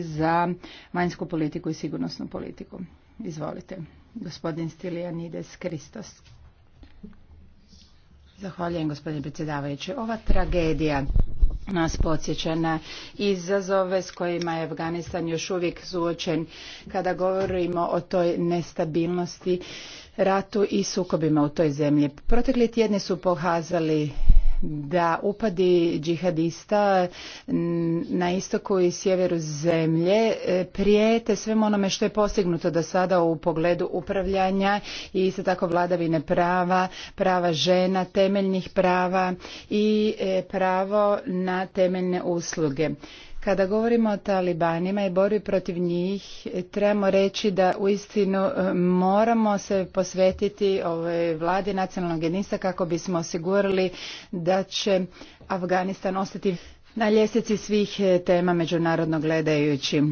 za vanjsku politiku i sigurnosnu politiku. Izvolite, gospodin des Kristos. Zahvaljujem, gospodine predsjedavajući. Ova tragedija nas podsjeća na izazove s kojima je Afganistan još uvijek suočen kada govorimo o toj nestabilnosti, ratu i sukobima u toj zemlji. Protekli tjedni su pokazali da upadi džihadista na istoku i sjeveru zemlje e, prijete svemu onome što je postignuto do sada u pogledu upravljanja i isto tako vladavine prava, prava žena, temeljnih prava i e, pravo na temeljne usluge. Kada govorimo o talibanima i borbi protiv njih, trebamo reći da uistinu e, moramo se posvetiti ovoj vladi nacionalnog jedinstva kako bismo osigurali da će Afganistan ostati na ljestvici svih e, tema međunarodno gledajući.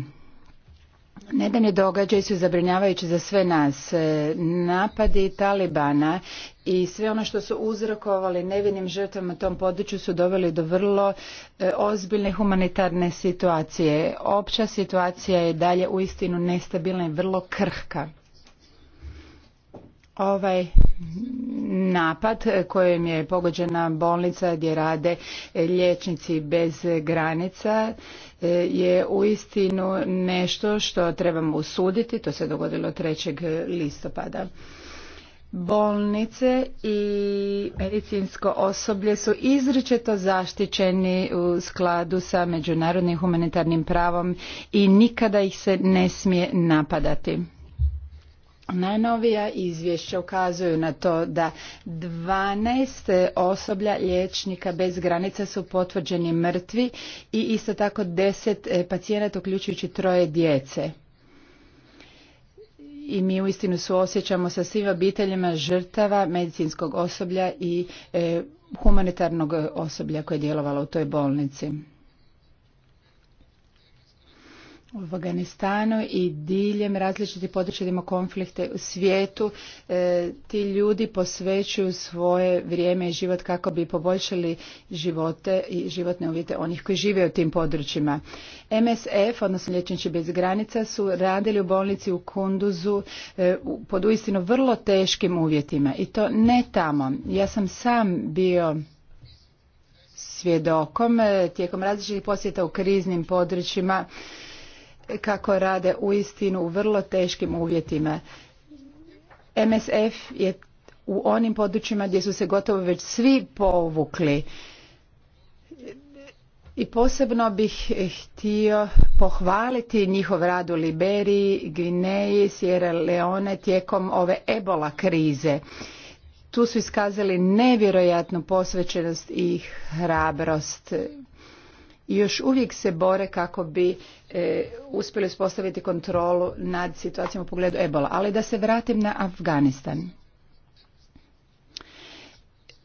Nedanje događaj su zabrinjavajući za sve nas. E, napadi Talibana i sve ono što su uzrokovali nevinim žrtvama tom području su doveli do vrlo e, ozbiljne humanitarne situacije. Opća situacija je dalje uistinu nestabilna i vrlo krhka. Ovaj napad kojim je pogođena bolnica gdje rade liječnici bez granica e, je uistinu nešto što trebamo usuditi, to se dogodilo 3. listopada. Bolnice i medicinsko osoblje su izričito zaštićeni u skladu sa međunarodnim humanitarnim pravom i nikada ih se ne smije napadati. Najnovija izvješća ukazuju na to da 12 osoblja liječnika bez granica su potvrđeni mrtvi i isto tako 10 e, pacijenata uključujući troje djece. I mi uistinu suosjećamo sa svim obiteljima žrtava medicinskog osoblja i e, humanitarnog osoblja koje je djelovalo u toj bolnici u Afganistanu i diljem različitih područja konflikte u svijetu. E, ti ljudi posvećuju svoje vrijeme i život kako bi poboljšali živote i životne uvjete onih koji žive u tim područjima. MSF, odnosno Liječnici bez granica, su radili u bolnici u Kunduzu e, pod uistinu vrlo teškim uvjetima i to ne tamo. Ja sam sam bio svjedokom e, tijekom različitih posjeta u kriznim područjima kako rade u istinu u vrlo teškim uvjetima. MSF je u onim područjima gdje su se gotovo već svi povukli. I posebno bih htio pohvaliti njihov rad u Liberiji, Gvineji, Sierra Leone tijekom ove ebola krize. Tu su iskazali nevjerojatnu posvećenost i hrabrost i još uvijek se bore kako bi e, uspjeli uspostaviti kontrolu nad situacijom u pogledu ebola. Ali da se vratim na Afganistan.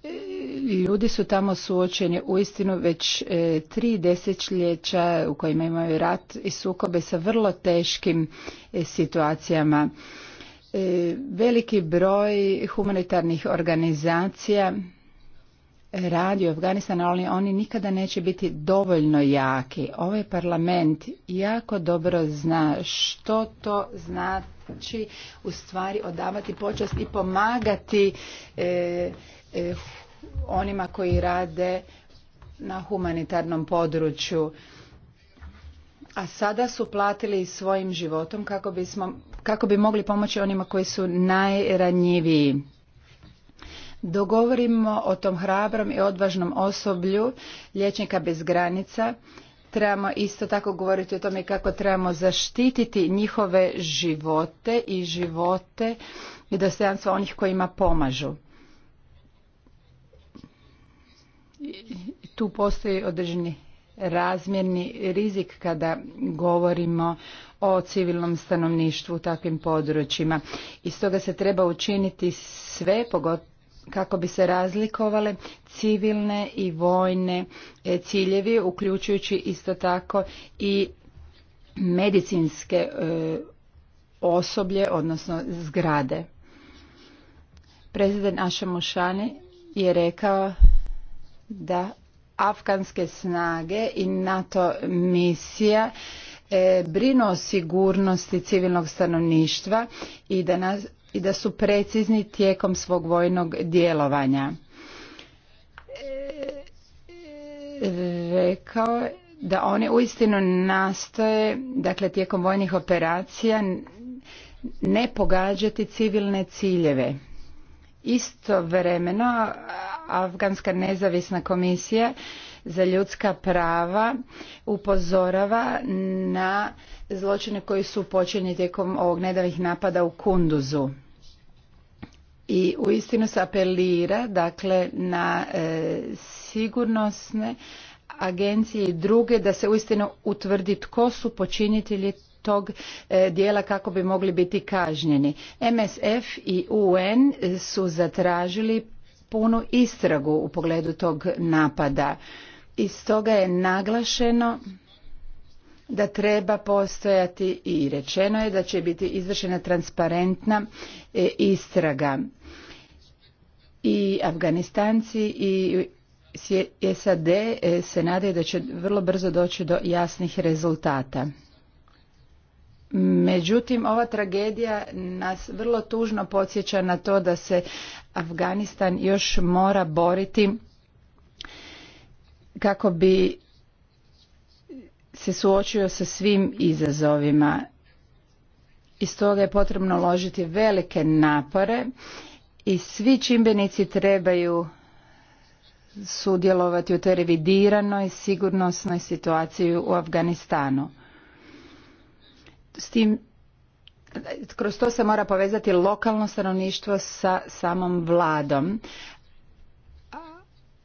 E, ljudi su tamo suočeni uistinu već e, tri desetljeća u kojima imaju rat i sukobe sa vrlo teškim e, situacijama. E, veliki broj humanitarnih organizacija radi u Afganistanu, ali oni nikada neće biti dovoljno jaki. Ovaj parlament jako dobro zna što to znači u stvari odavati počast i pomagati e, e, onima koji rade na humanitarnom području. A sada su platili svojim životom kako, bismo, kako bi mogli pomoći onima koji su najranjiviji dogovorimo o tom hrabrom i odvažnom osoblju liječnika bez granica trebamo isto tako govoriti o tome kako trebamo zaštititi njihove živote i živote i dostojanstvo onih kojima pomažu tu postoji određeni razmjerni rizik kada govorimo o civilnom stanovništvu u takvim područjima i stoga se treba učiniti sve pogotovo kako bi se razlikovale civilne i vojne e, ciljevi, uključujući isto tako i medicinske e, osoblje, odnosno zgrade. Prezident Ašamušani je rekao da afganske snage i NATO misija e, brinu o sigurnosti civilnog stanovništva i da nas i da su precizni tijekom svog vojnog djelovanja. E, rekao da oni uistinu nastoje, dakle tijekom vojnih operacija, ne pogađati civilne ciljeve. Istovremeno, Afganska nezavisna komisija za ljudska prava upozorava na zločine koji su počinjeni tijekom ovog nedavnih napada u Kunduzu i uistinu se apelira dakle na e, sigurnosne agencije i druge da se uistinu utvrdi tko su počinitelji tog e, dijela kako bi mogli biti kažnjeni. MSF i UN su zatražili punu istragu u pogledu tog napada. I stoga je naglašeno da treba postojati i rečeno je da će biti izvršena transparentna e, istraga. I Afganistanci i SAD e, se nadaju da će vrlo brzo doći do jasnih rezultata. Međutim, ova tragedija nas vrlo tužno podsjeća na to da se Afganistan još mora boriti kako bi se suočio sa svim izazovima i stoga je potrebno ložiti velike napore i svi čimbenici trebaju sudjelovati u toj revidiranoj sigurnosnoj situaciji u Afganistanu. S tim, kroz to se mora povezati lokalno stanovništvo sa samom vladom.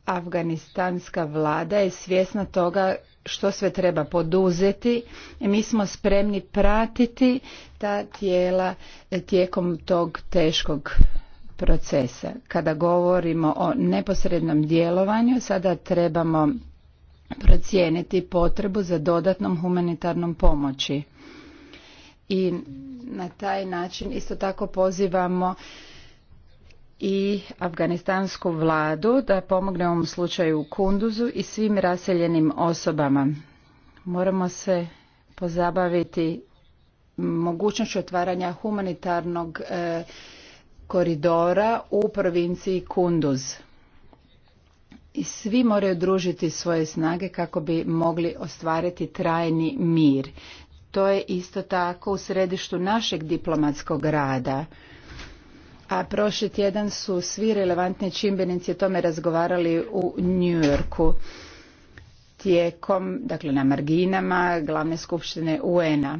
Afganistanska vlada je svjesna toga što sve treba poduzeti i mi smo spremni pratiti ta tijela e, tijekom tog teškog procesa. Kada govorimo o neposrednom djelovanju, sada trebamo procijeniti potrebu za dodatnom humanitarnom pomoći. I na taj način isto tako pozivamo i afganistansku vladu da pomogne ovom slučaju u Kunduzu i svim raseljenim osobama. Moramo se pozabaviti mogućnošću otvaranja humanitarnog e, koridora u provinciji Kunduz. I svi moraju družiti svoje snage kako bi mogli ostvariti trajni mir. To je isto tako u središtu našeg diplomatskog rada a prošli tjedan su svi relevantni čimbenici o tome razgovarali u New Yorku tijekom, dakle na marginama glavne skupštine UN-a.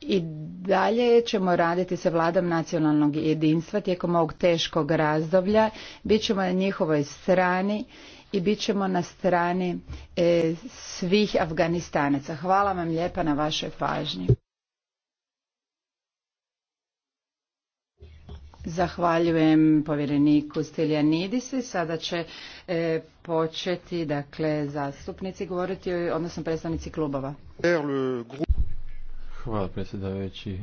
I dalje ćemo raditi sa vladom nacionalnog jedinstva tijekom ovog teškog razdoblja. Bićemo na njihovoj strani i bit ćemo na strani e, svih Afganistanaca. Hvala vam lijepa na vašoj pažnji. Zahvaljujem povjereniku Stiljanidisu. Sada će e, početi dakle, zastupnici govoriti, odnosno predstavnici klubova. Hvala predsjedavajući.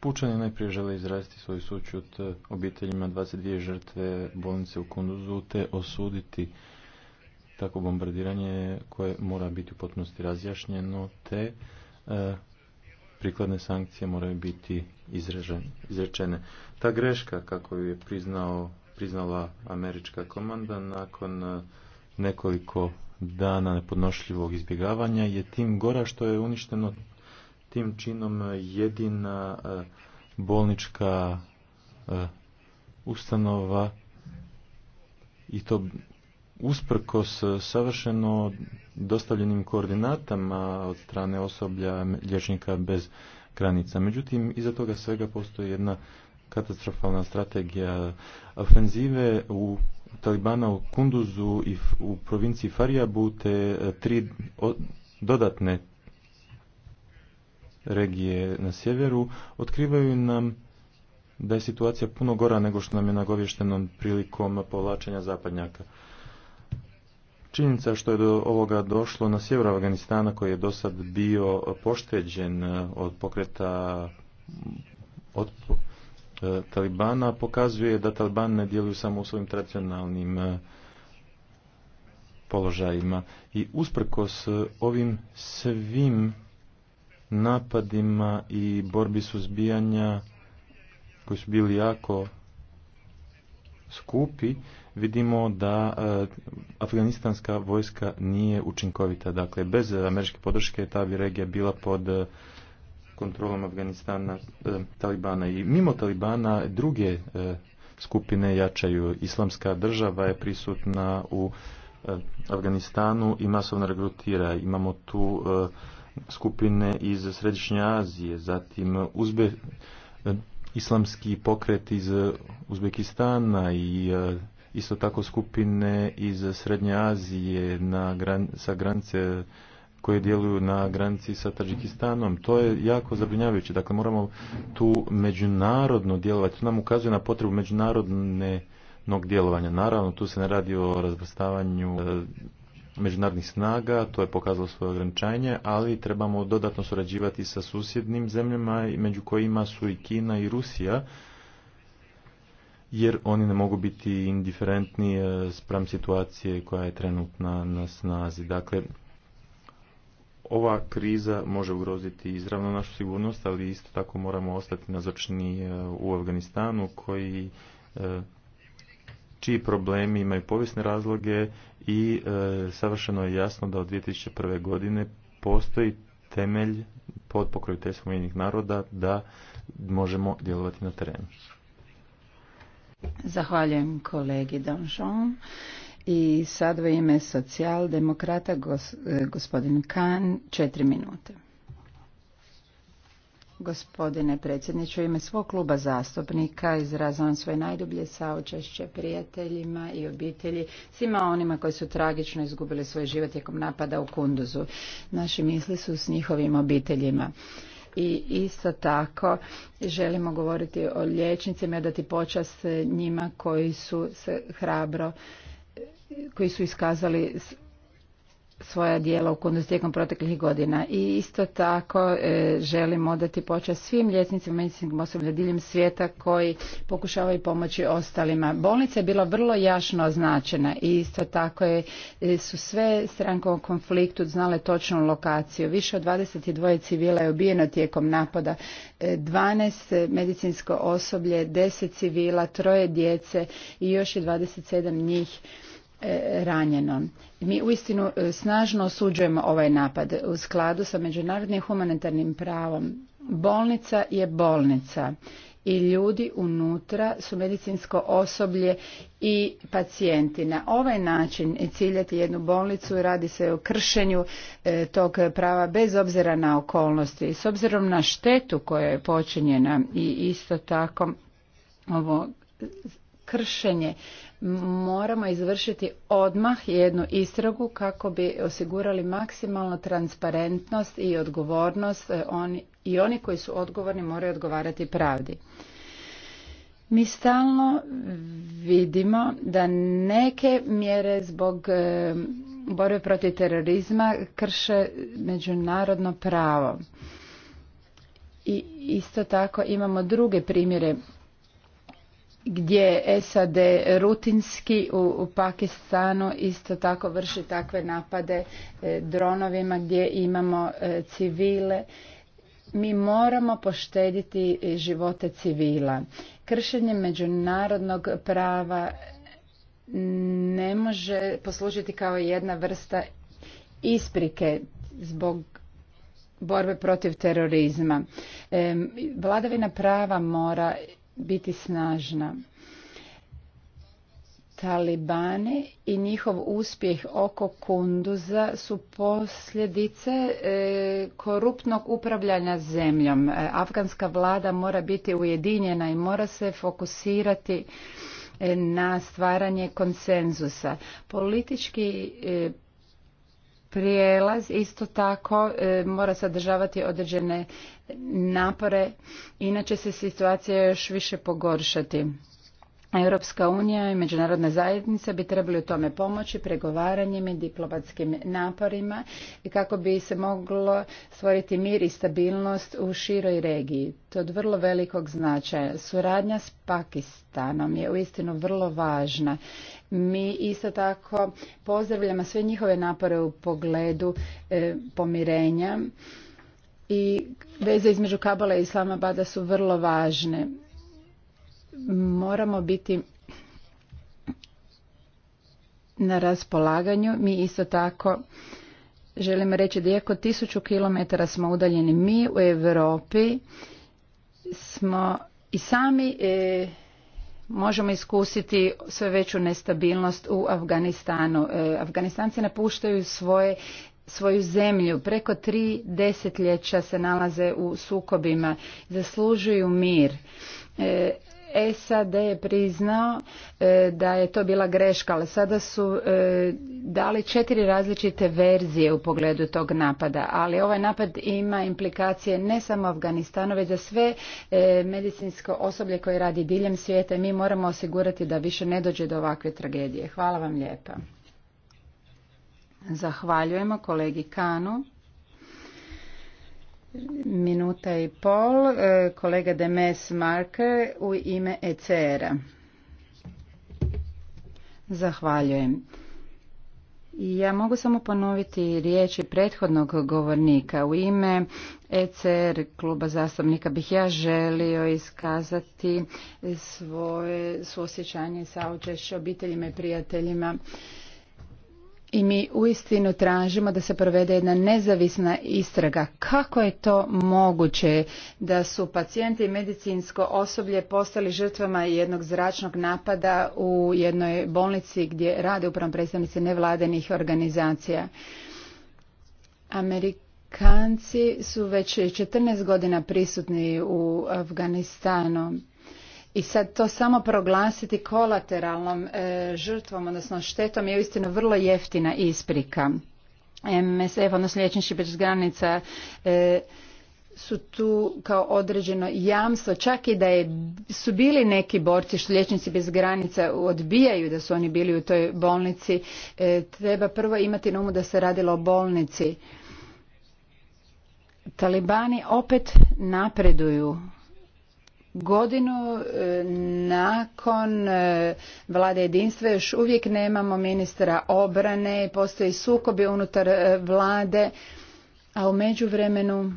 Pučani najprije žele izraziti svoju sućut e, obiteljima 22 žrtve bolnice u Kunduzu te osuditi tako bombardiranje koje mora biti u potpunosti razjašnjeno te e, prikladne sankcije moraju biti izrečene. Ta greška, kako je priznao, priznala američka komanda, nakon eh, nekoliko dana nepodnošljivog izbjegavanja je tim gora što je uništeno tim činom jedina eh, bolnička eh, ustanova i to usprkos e, savršeno dostavljenim koordinatama od strane osoblja liječnika bez granica. Međutim, iza toga svega postoji jedna katastrofalna strategija ofenzive u Talibana u Kunduzu i u provinciji Farijabu te e, tri dodatne regije na sjeveru otkrivaju nam da je situacija puno gora nego što nam je nagovješteno prilikom povlačenja zapadnjaka. Činjenica što je do ovoga došlo na sjeveru Afganistana koji je do sad bio pošteđen od pokreta od e, Talibana pokazuje da Taliban ne djeluju samo u svojim tradicionalnim e, položajima i usprkos e, ovim svim napadima i borbi suzbijanja koji su bili jako skupi vidimo da e, afganistanska vojska nije učinkovita. Dakle, bez američke podrške ta bi regija bila pod e, kontrolom Afganistana, e, Talibana i mimo Talibana druge skupine jačaju. Islamska država je prisutna u Afganistanu i masovno regrutira. Imamo tu skupine iz Središnje Azije, zatim Uzbe, islamski pokret iz Uzbekistana i isto tako skupine iz Srednje Azije na gran, sa granice koje djeluju na granici sa Tadžikistanom. To je jako zabrinjavajuće. Dakle, moramo tu međunarodno djelovati. To nam ukazuje na potrebu međunarodnog djelovanja. Naravno, tu se ne radi o razvrstavanju e, međunarodnih snaga, to je pokazalo svoje ograničenje, ali trebamo dodatno surađivati sa susjednim zemljama, među kojima su i Kina i Rusija, jer oni ne mogu biti indiferentni eh, spram situacije koja je trenutna na snazi. Dakle, ova kriza može ugroziti izravno našu sigurnost, ali isto tako moramo ostati nazočni eh, u Afganistanu koji eh, čiji problemi imaju povijesne razloge i savršeno je jasno da od 2001. godine postoji temelj pod pokroviteljstvom jednih naroda da možemo djelovati na terenu. Zahvaljujem kolegi Donjon I sad u ime socijaldemokrata gos, e, gospodin Kan, četiri minute. Gospodine predsjedniče, u ime svog kluba zastupnika izrazavam svoje najdublje saočešće prijateljima i obitelji, svima onima koji su tragično izgubili svoj život tijekom napada u Kunduzu. Naši misli su s njihovim obiteljima i isto tako želimo govoriti o liječnicima i dati počast njima koji su se hrabro koji su iskazali svoja dijela u s tijekom proteklih godina. I isto tako e, želim odati počast svim liječnicima medicinskim osoblja diljem svijeta koji pokušavaju pomoći ostalima. Bolnica je bila vrlo jašno označena i isto tako je, e, su sve stranke u konfliktu znale točnu lokaciju. Više od 22 civila je ubijeno tijekom napada, e, 12 medicinsko osoblje, 10 civila, troje djece i još je 27 njih E, ranjeno. Mi uistinu e, snažno osuđujemo ovaj napad u skladu sa međunarodnim humanitarnim pravom. Bolnica je bolnica i ljudi unutra su medicinsko osoblje i pacijenti. Na ovaj način ciljati jednu bolnicu radi se o kršenju e, tog prava bez obzira na okolnosti. S obzirom na štetu koja je počinjena i isto tako ovo kršenje moramo izvršiti odmah jednu istragu kako bi osigurali maksimalnu transparentnost i odgovornost e, oni, i oni koji su odgovorni moraju odgovarati pravdi. Mi stalno vidimo da neke mjere zbog e, borbe protiv terorizma krše međunarodno pravo. I isto tako imamo druge primjere gdje SAD rutinski u Pakistanu isto tako vrši takve napade e, dronovima gdje imamo e, civile. Mi moramo poštediti e, živote civila. Kršenje međunarodnog prava ne može poslužiti kao jedna vrsta isprike zbog borbe protiv terorizma. Vladavina prava mora biti snažna. Talibane i njihov uspjeh oko Kunduza su posljedice e, koruptnog upravljanja zemljom. E, afganska vlada mora biti ujedinjena i mora se fokusirati e, na stvaranje konsenzusa. Politički prijelaz isto tako e, mora sadržavati određene napore, inače se situacija još više pogoršati. Europska unija i međunarodna zajednica bi trebali u tome pomoći pregovaranjem i diplomatskim naporima i kako bi se moglo stvoriti mir i stabilnost u široj regiji. To je od vrlo velikog značaja. Suradnja s Pakistanom je uistinu vrlo važna. Mi isto tako pozdravljamo sve njihove napore u pogledu e, pomirenja i veze između Kabala i Islamabada su vrlo važne moramo biti na raspolaganju. Mi isto tako želimo reći da iako tisuću kilometara smo udaljeni mi u Europi smo i sami e, možemo iskusiti sve veću nestabilnost u Afganistanu. E, Afganistanci napuštaju svoje svoju zemlju. Preko tri desetljeća se nalaze u sukobima. Zaslužuju mir. E, SAD je priznao e, da je to bila greška, ali sada su e, dali četiri različite verzije u pogledu tog napada, ali ovaj napad ima implikacije ne samo Afganistanu, već za sve e, medicinsko osoblje koje radi diljem svijeta i mi moramo osigurati da više ne dođe do ovakve tragedije. Hvala vam lijepa. Zahvaljujemo kolegi Kanu minuta i pol. E, kolega Demes Marker u ime ECR-a. Zahvaljujem. Ja mogu samo ponoviti riječi prethodnog govornika. U ime ECR kluba zastupnika bih ja želio iskazati svoje suosjećanje sa očešće obiteljima i prijateljima i mi uistinu tražimo da se provede jedna nezavisna istraga. Kako je to moguće da su pacijenti i medicinsko osoblje postali žrtvama jednog zračnog napada u jednoj bolnici gdje rade upravo predstavnici nevladenih organizacija? Amerikanci su već 14 godina prisutni u Afganistanu i sad to samo proglasiti kolateralnom e, žrtvom, odnosno štetom je uistinu vrlo jeftina isprika. MSF, odnosno liječnički bez granica, e, su tu kao određeno jamstvo, čak i da su bili neki borci što liječnici bez granica odbijaju da su oni bili u toj bolnici, e, treba prvo imati na umu da se radilo o bolnici. Talibani opet napreduju godinu e, nakon e, vlade jedinstva još uvijek nemamo ministra obrane, postoji sukobi unutar e, vlade, a u međuvremenu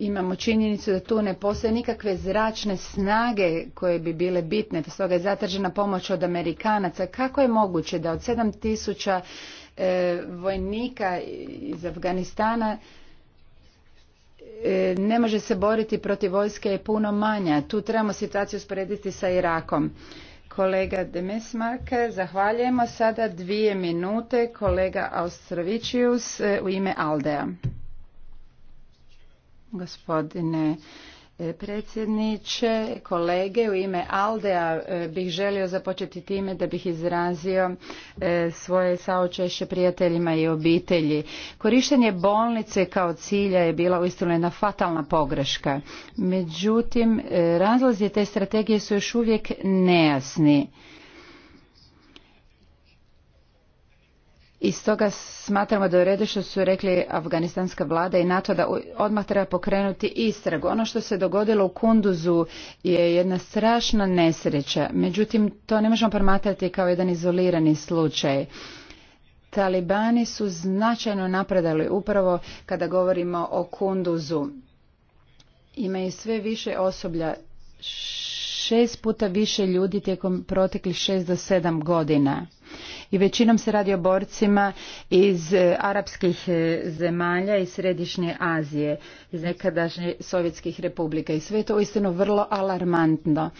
imamo činjenicu da tu ne postoje nikakve zračne snage koje bi bile bitne, stoga je zatražena pomoć od Amerikanaca. Kako je moguće da od 7000 vojnika iz Afganistana E, ne može se boriti protiv vojske je puno manja. Tu trebamo situaciju usporediti sa Irakom. Kolega marke zahvaljujemo sada dvije minute kolega Austrovićius e, u ime Aldea. Gospodine E, predsjedniče, kolege. U ime Aldea e, bih želio započeti time da bih izrazio e, svoje saočešće prijateljima i obitelji. Korištenje bolnice kao cilja je bila uistinu jedna fatalna pogreška. Međutim, razlozi te strategije su još uvijek nejasni. i stoga smatramo da je u redu što su rekli afganistanska vlada i NATO da odmah treba pokrenuti istragu. Ono što se dogodilo u Kunduzu je jedna strašna nesreća, međutim to ne možemo promatrati kao jedan izolirani slučaj. Talibani su značajno napredali upravo kada govorimo o Kunduzu. Imaju sve više osoblja, šest puta više ljudi tijekom proteklih šest do sedam godina i većinom se radi o borcima iz e, arapskih e, zemalja i Središnje Azije, iz nekadašnje sovjetskih republika i sve je to uistinu vrlo alarmantno.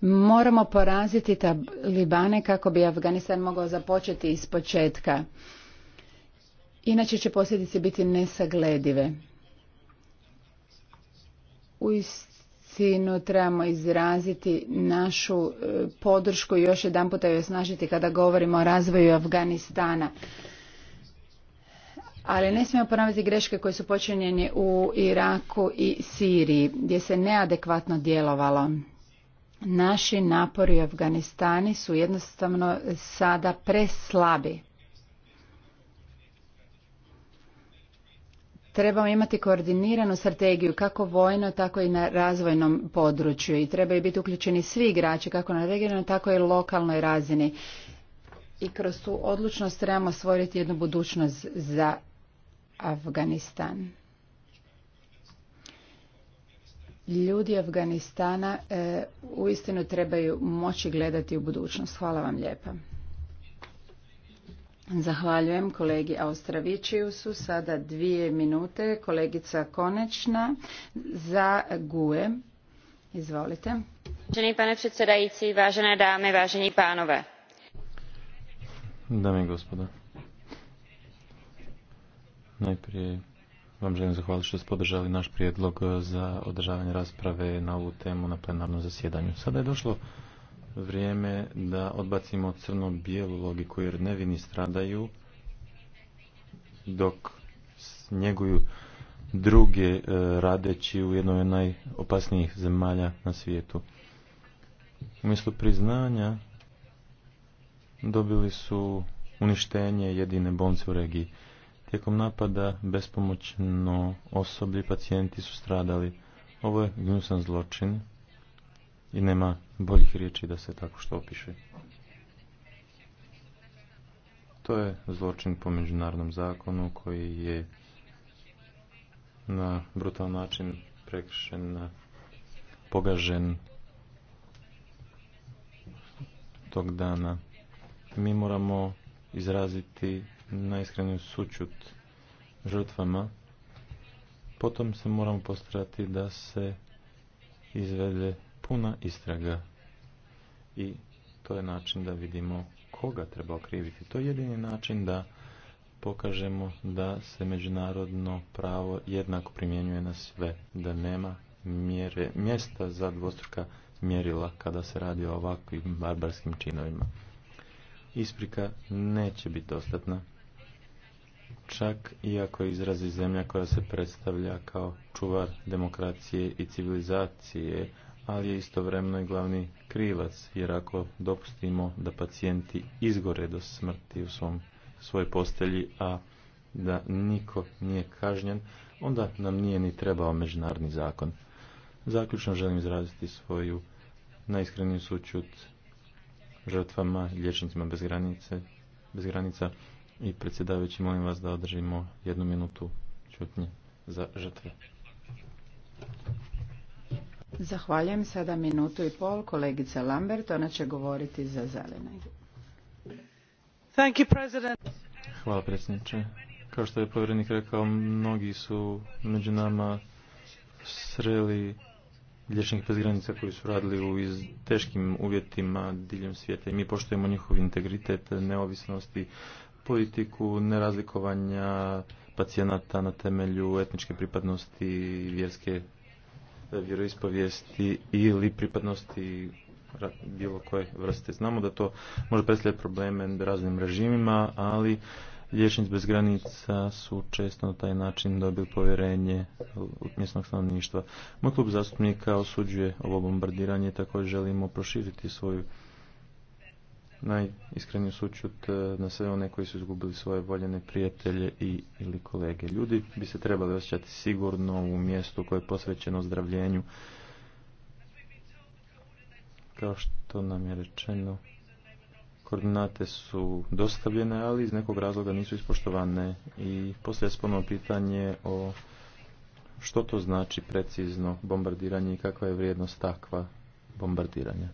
Moramo poraziti talibane kako bi Afganistan mogao započeti iz početka. Inače će posljedice biti nesagledive. istinu trebamo izraziti našu e, podršku i još jedan puta joj osnažiti kada govorimo o razvoju Afganistana. Ali ne smijemo ponavljati greške koje su počinjeni u Iraku i Siriji, gdje se neadekvatno djelovalo. Naši napori u Afganistani su jednostavno sada preslabi. Trebamo imati koordiniranu strategiju kako vojno, tako i na razvojnom području i trebaju biti uključeni svi igrači kako na regionalnoj, tako i lokalnoj razini. I kroz tu odlučnost trebamo stvoriti jednu budućnost za Afganistan. Ljudi Afganistana e, uistinu trebaju moći gledati u budućnost. Hvala vam lijepa. Zahvaljujem kolegi Austravičijusu. Sada dvije minute. Kolegica Konečna za GUE. Izvolite. Vážený pane predsjedajici, važene dame, važeni pánové. Dame i gospoda. Najprije vam želim zahvaliti što ste podržali naš prijedlog za održavanje rasprave na ovu temu na plenarnom zasjedanju. Sada je došlo vrijeme da odbacimo crno-bijelu logiku jer nevini stradaju dok njeguju druge e, radeći u jednoj od najopasnijih zemalja na svijetu. Umjesto priznanja dobili su uništenje jedine bonce u regiji. Tijekom napada bespomoćno osoblje pacijenti su stradali. Ovo je gnusan zločin i nema boljih riječi da se tako što opiše. To je zločin po međunarodnom zakonu koji je na brutalan način prekršen pogažen tog dana. Mi moramo izraziti najiskreniju sućut žrtvama, potom se moramo postarati da se izvede puna istraga i to je način da vidimo koga treba okriviti. To je jedini način da pokažemo da se međunarodno pravo jednako primjenjuje na sve, da nema mjere, mjesta za dvostruka mjerila kada se radi o ovakvim barbarskim činovima. Isprika neće biti dostatna, čak i ako izrazi zemlja koja se predstavlja kao čuvar demokracije i civilizacije, ali je istovremeno i glavni krivac, jer ako dopustimo da pacijenti izgore do smrti u svom, svojoj postelji, a da niko nije kažnjen, onda nam nije ni trebao međunarodni zakon. Zaključno želim izraziti svoju najiskreniju sućut žrtvama, liječnicima bez, granice, bez granica i predsjedavajući molim vas da održimo jednu minutu čutnje za žrtve. Zahvaljujem. Sada minutu i pol. Kolegica Lambert, ona će govoriti za zelene. Hvala predsjedniče. Kao što je povjerenik rekao, mnogi su među nama sreli liječnike bez koji su radili u iz teškim uvjetima diljem svijeta i mi poštujemo njihov integritet, neovisnosti, politiku nerazlikovanja pacijenata na temelju etničke pripadnosti i vjerske vjeroispovijesti ili pripadnosti bilo koje vrste. Znamo da to može predstavljati probleme raznim režimima, ali liječnici bez granica su često na taj način dobili povjerenje mjesnog stanovništva. Moj klub zastupnika osuđuje ovo bombardiranje i također želimo proširiti svoju najiskreniju sučut eh, na sve one koji su izgubili svoje voljene prijatelje i ili kolege. Ljudi bi se trebali osjećati sigurno u mjestu koje je posvećeno zdravljenju. Kao što nam je rečeno, koordinate su dostavljene, ali iz nekog razloga nisu ispoštovane. I poslije spomno pitanje o što to znači precizno bombardiranje i kakva je vrijednost takva bombardiranja.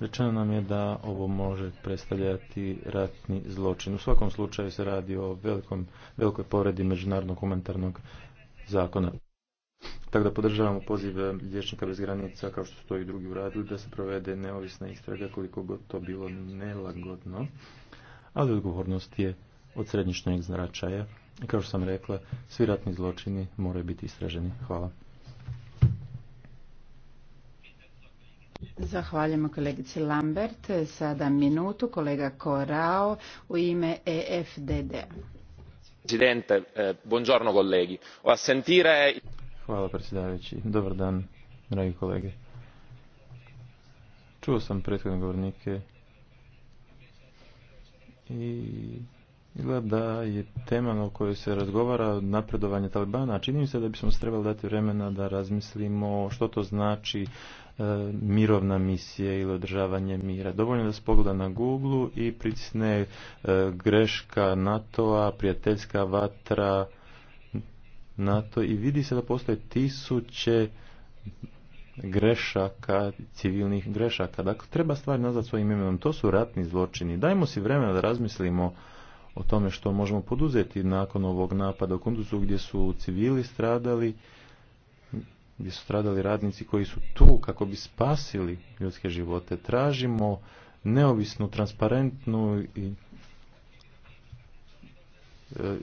Rečeno nam je da ovo može predstavljati ratni zločin. U svakom slučaju se radi o velikom, velikoj povredi međunarodnog humanitarnog zakona. Tako da podržavamo pozive Lječnika bez granica, kao što i drugi uradili, da se provede neovisna istraga koliko god to bilo nelagodno, ali odgovornost je od središnjeg značaja. Kao što sam rekla, svi ratni zločini moraju biti istraženi. Hvala. Zahvaljujemo kolegici Lambert. Sada minutu kolega Korao u ime EFDD. Presidente, eh, buongiorno kolegi. O sentire... Hvala predsjedavajući. Dobar dan, dragi kolege. Čuo sam prethodne govornike i izgleda da je tema na kojoj se razgovara napredovanje Talibana. Čini mi se da bismo se trebali dati vremena da razmislimo što to znači E, mirovna misija ili održavanje mira. Dovoljno da se pogleda na Google i pritisne e, greška NATO-a, prijateljska vatra NATO i vidi se da postoje tisuće grešaka, civilnih grešaka. Dakle, treba stvari nazvat svojim imenom. To su ratni zločini. Dajmo si vremena da razmislimo o tome što možemo poduzeti nakon ovog napada u Kunduzu gdje su civili stradali gdje su stradali radnici koji su tu kako bi spasili ljudske živote. Tražimo neovisnu, transparentnu i e,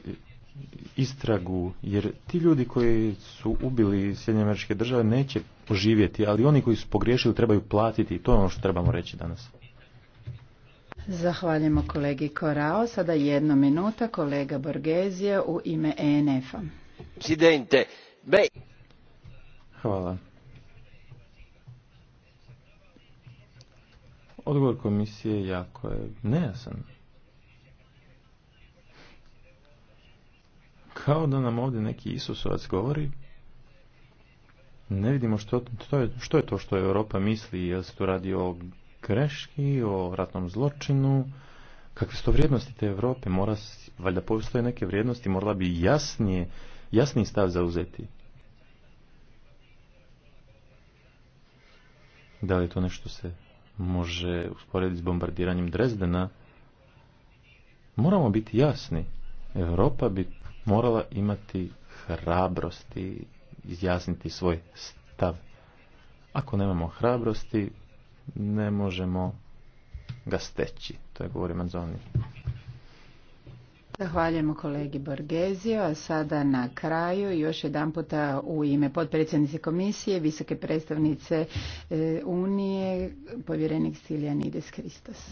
istragu, jer ti ljudi koji su ubili Sjedinje američke države neće poživjeti, ali oni koji su pogriješili trebaju platiti i to je ono što trebamo reći danas. Zahvaljujemo kolegi Korao. Sada jedna minuta kolega borgezija u ime ENF-a. Hvala. Odgovor komisije jako je nejasan. Kao da nam ovdje neki Isusovac govori, ne vidimo što, što, je, što je to što Europa misli, jel se tu radi o greški, o ratnom zločinu, kakve su to vrijednosti te Europe, mora, valjda postoje neke vrijednosti, morala bi jasnije, jasniji stav zauzeti. Da li to nešto se može usporediti s bombardiranjem Dresdena? Moramo biti jasni. Europa bi morala imati hrabrosti izjasniti svoj stav. Ako nemamo hrabrosti, ne možemo ga steći. To je govori Manzoni. Zahvaljujemo kolegi Borgezio, a sada na kraju još jedan puta u ime potpredsjednice komisije, visoke predstavnice e, Unije, povjerenik Siljanides Kristos.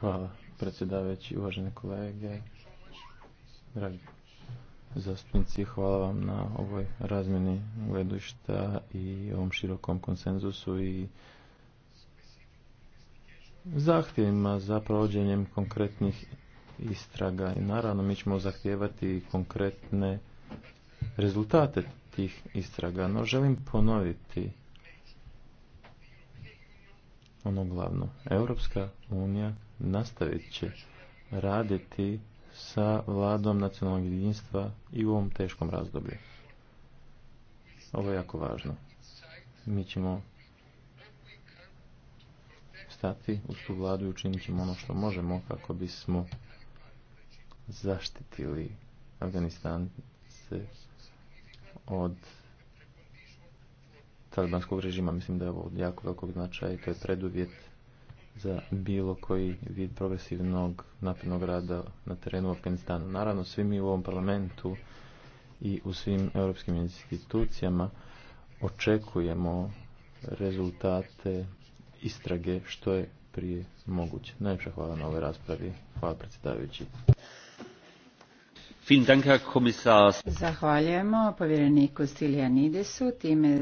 Hvala predsjedavajući, uvažene kolege, dragi zastupnici, hvala vam na ovoj razmjeni gledušta i ovom širokom konsenzusu i zahtjevima za provođenjem konkretnih istraga i naravno mi ćemo zahtijevati konkretne rezultate tih istraga, no želim ponoviti ono glavno. Europska unija nastavit će raditi sa vladom nacionalnog jedinstva i u ovom teškom razdoblju. Ovo je jako važno. Mi ćemo stati uz tu vladu i učinit ćemo ono što možemo kako bismo zaštitili Afganistan od talibanskog režima. Mislim da je ovo jako velikog značaja i to je preduvjet za bilo koji vid progresivnog naprednog rada na terenu u Afganistanu. Naravno, svi mi u ovom parlamentu i u svim europskim institucijama očekujemo rezultate istrage što je prije moguće. Najljepša hvala na ovoj raspravi. Hvala predsjedavajući. Zahvaljujemo povjereniku Stiljanidesu. Time